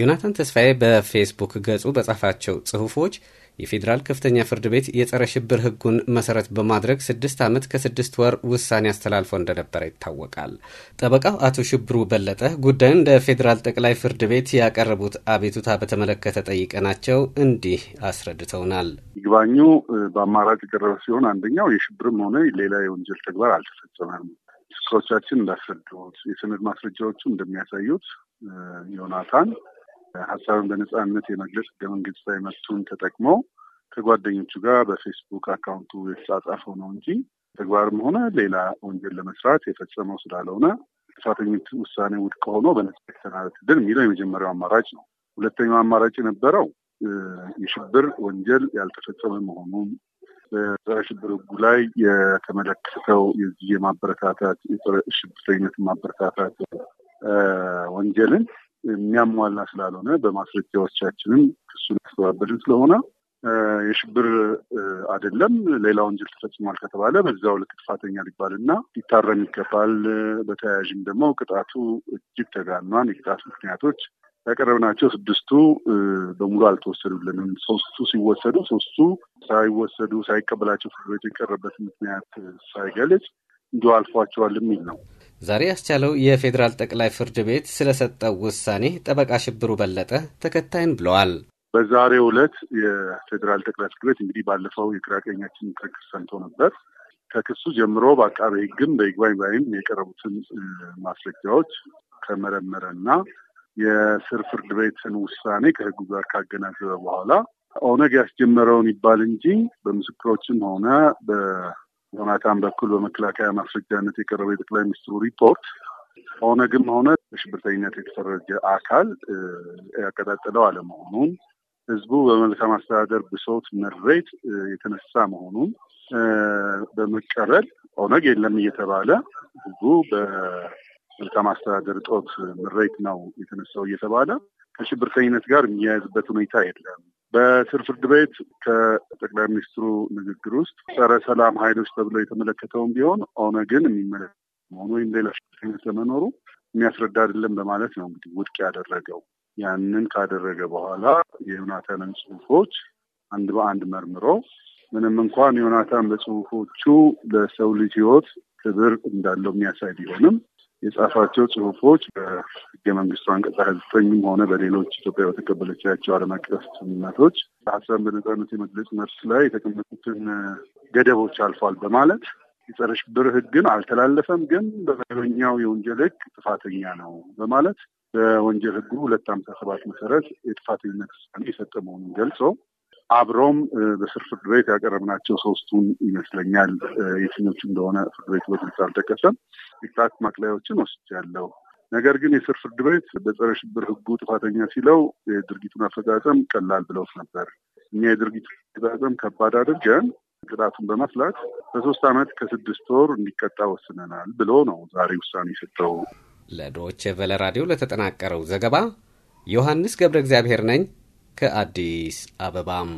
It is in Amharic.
ዮናታን ተስፋዬ በፌስቡክ ገጹ በጻፋቸው ጽሑፎች የፌዴራል ከፍተኛ ፍርድ ቤት የጸረ ሽብር ህጉን መሰረት በማድረግ ስድስት ዓመት ከስድስት ወር ውሳኔ አስተላልፎ እንደነበረ ይታወቃል። ጠበቃው አቶ ሽብሩ በለጠ ጉዳዩን ለፌዴራል ጠቅላይ ፍርድ ቤት ያቀረቡት አቤቱታ በተመለከተ ጠይቀናቸው እንዲህ አስረድተውናል። ይግባኙ በአማራጭ የቀረበ ሲሆን አንደኛው የሽብርም ሆነ ሌላ የወንጀል ተግባር አልተፈጸመም። ምስክሮቻችን እንዳስረዱት፣ የሰነድ ማስረጃዎቹ እንደሚያሳዩት ዮናታን ሀሳብን በነጻነት የመግለጽ ህገ መንግስታዊ መብቱን ተጠቅሞ ከጓደኞቹ ጋር በፌስቡክ አካውንቱ የተጻጻፈው ነው እንጂ ተግባርም ሆነ ሌላ ወንጀል ለመስራት የፈጸመው ስላልሆነ ጥፋተኞች ውሳኔ ውድቅ ሆኖ በነጻ የተሰናበት ድል የሚለው የመጀመሪያው አማራጭ ነው። ሁለተኛው አማራጭ የነበረው የሽብር ወንጀል ያልተፈጸመ መሆኑን በጸረ ሽብር ህጉ ላይ የተመለከተው የዚህ የማበረታታት የጸረ ሽብርተኝነት ማበረታታት ወንጀልን የሚያሟላ ስላልሆነ በማስረጃዎቻችንም ክሱን ያስተባበልን ስለሆነ የሽብር አይደለም ሌላ ወንጀል ተፈጽሟል ከተባለ በዛው ልክ ጥፋተኛ ሊባልና ሊታረም ይገባል። በተያያዥም ደግሞ ቅጣቱ እጅግ ተጋኗን የቅጣት ምክንያቶች ያቀረብናቸው ስድስቱ በሙሉ አልተወሰዱልንም። ሶስቱ ሲወሰዱ ሶስቱ ሳይወሰዱ ሳይቀበላቸው ፍርድ ቤት የቀረበትን ምክንያት ሳይገልጽ እንዲሁ አልፏቸዋል የሚል ነው። ዛሬ ያስቻለው የፌዴራል ጠቅላይ ፍርድ ቤት ስለሰጠው ውሳኔ ጠበቃ ሽብሩ በለጠ ተከታይን ብለዋል። በዛሬ ዕለት የፌዴራል ጠቅላይ ፍርድ ቤት እንግዲህ ባለፈው የግራ ቀኛችን ክርክር ሰምቶ ነበር። ከክሱ ጀምሮ በአቃቤ ሕግም በይግባኝ ባይም የቀረቡትን ማስረጃዎች ከመረመረ እና የስር ፍርድ ቤትን ውሳኔ ከሕጉ ጋር ካገናዘበ በኋላ ኦነግ ያስጀመረውን ይባል እንጂ በምስክሮችም ሆነ ዮናታን በኩል በመከላከያ ማስረጃነት የቀረበ የጠቅላይ ሚኒስትሩ ሪፖርት ኦነግም ሆነ በሽብርተኝነት የተፈረጀ አካል ያቀጣጠለው አለመሆኑን ህዝቡ በመልካም አስተዳደር ብሶት ምሬት የተነሳ መሆኑን በመቀበል ኦነግ የለም እየተባለ ህዝቡ በመልካም አስተዳደር እጦት ምሬት ነው የተነሳው እየተባለ ከሽብርተኝነት ጋር የሚያያዝበት ሁኔታ የለም። በስር ፍርድ ቤት ከጠቅላይ ሚኒስትሩ ንግግር ውስጥ ጸረ ሰላም ኃይሎች ተብሎ የተመለከተውን ቢሆን ኦነግን የሚመለከት መሆኑ ወይም ሌላ ሽነት ለመኖሩ የሚያስረዳ አይደለም በማለት ነው እንግዲህ ውድቅ ያደረገው። ያንን ካደረገ በኋላ የዮናታንን ጽሁፎች አንድ በአንድ መርምሮ ምንም እንኳን ዮናታን በጽሁፎቹ ለሰው ልጅ ህይወት ክብር እንዳለው የሚያሳይ ቢሆንም የጻፋቸው ጽሁፎች በህገ መንግስቱ አንቀጽ ሀያ ዘጠኝም ሆነ በሌሎች ኢትዮጵያ በተቀበለቻቸው ዓለም አቀፍ ስምምነቶች በሀሳብ በነጻነት የመግለጽ መብት ላይ የተቀመጡትን ገደቦች አልፏል በማለት የጸረ ሽብር ህግን አልተላለፈም፣ ግን በመደበኛው የወንጀል ህግ ጥፋተኛ ነው በማለት በወንጀል ህጉ ሁለት አምሳ ሰባት መሰረት የጥፋተኝነት ውሳኔ የሰጠ መሆኑን ገልጾ አብሮም በስር ፍርድ ቤት ያቀረብናቸው ሶስቱን ይመስለኛል። የትኞቹ እንደሆነ ፍርድ ቤቱ በግልጽ አልጠቀሰም። የቅጣት ማቅለያዎችን ወስጃለሁ። ነገር ግን የስር ፍርድ ቤት በጸረ ሽብር ህጉ ጥፋተኛ ሲለው የድርጊቱን አፈጻጸም ቀላል ብለውት ነበር። እኛ የድርጊቱ አፈጻጸም ከባድ አድርገን ቅጣቱን በማስላት በሶስት ዓመት ከስድስት ወር እንዲቀጣ ወስነናል ብሎ ነው ዛሬ ውሳኔ የሰጠው። ለዶቼ ቨለ ራዲዮ ለተጠናቀረው ዘገባ ዮሐንስ ገብረ እግዚአብሔር ነኝ። ከአዲስ አበባም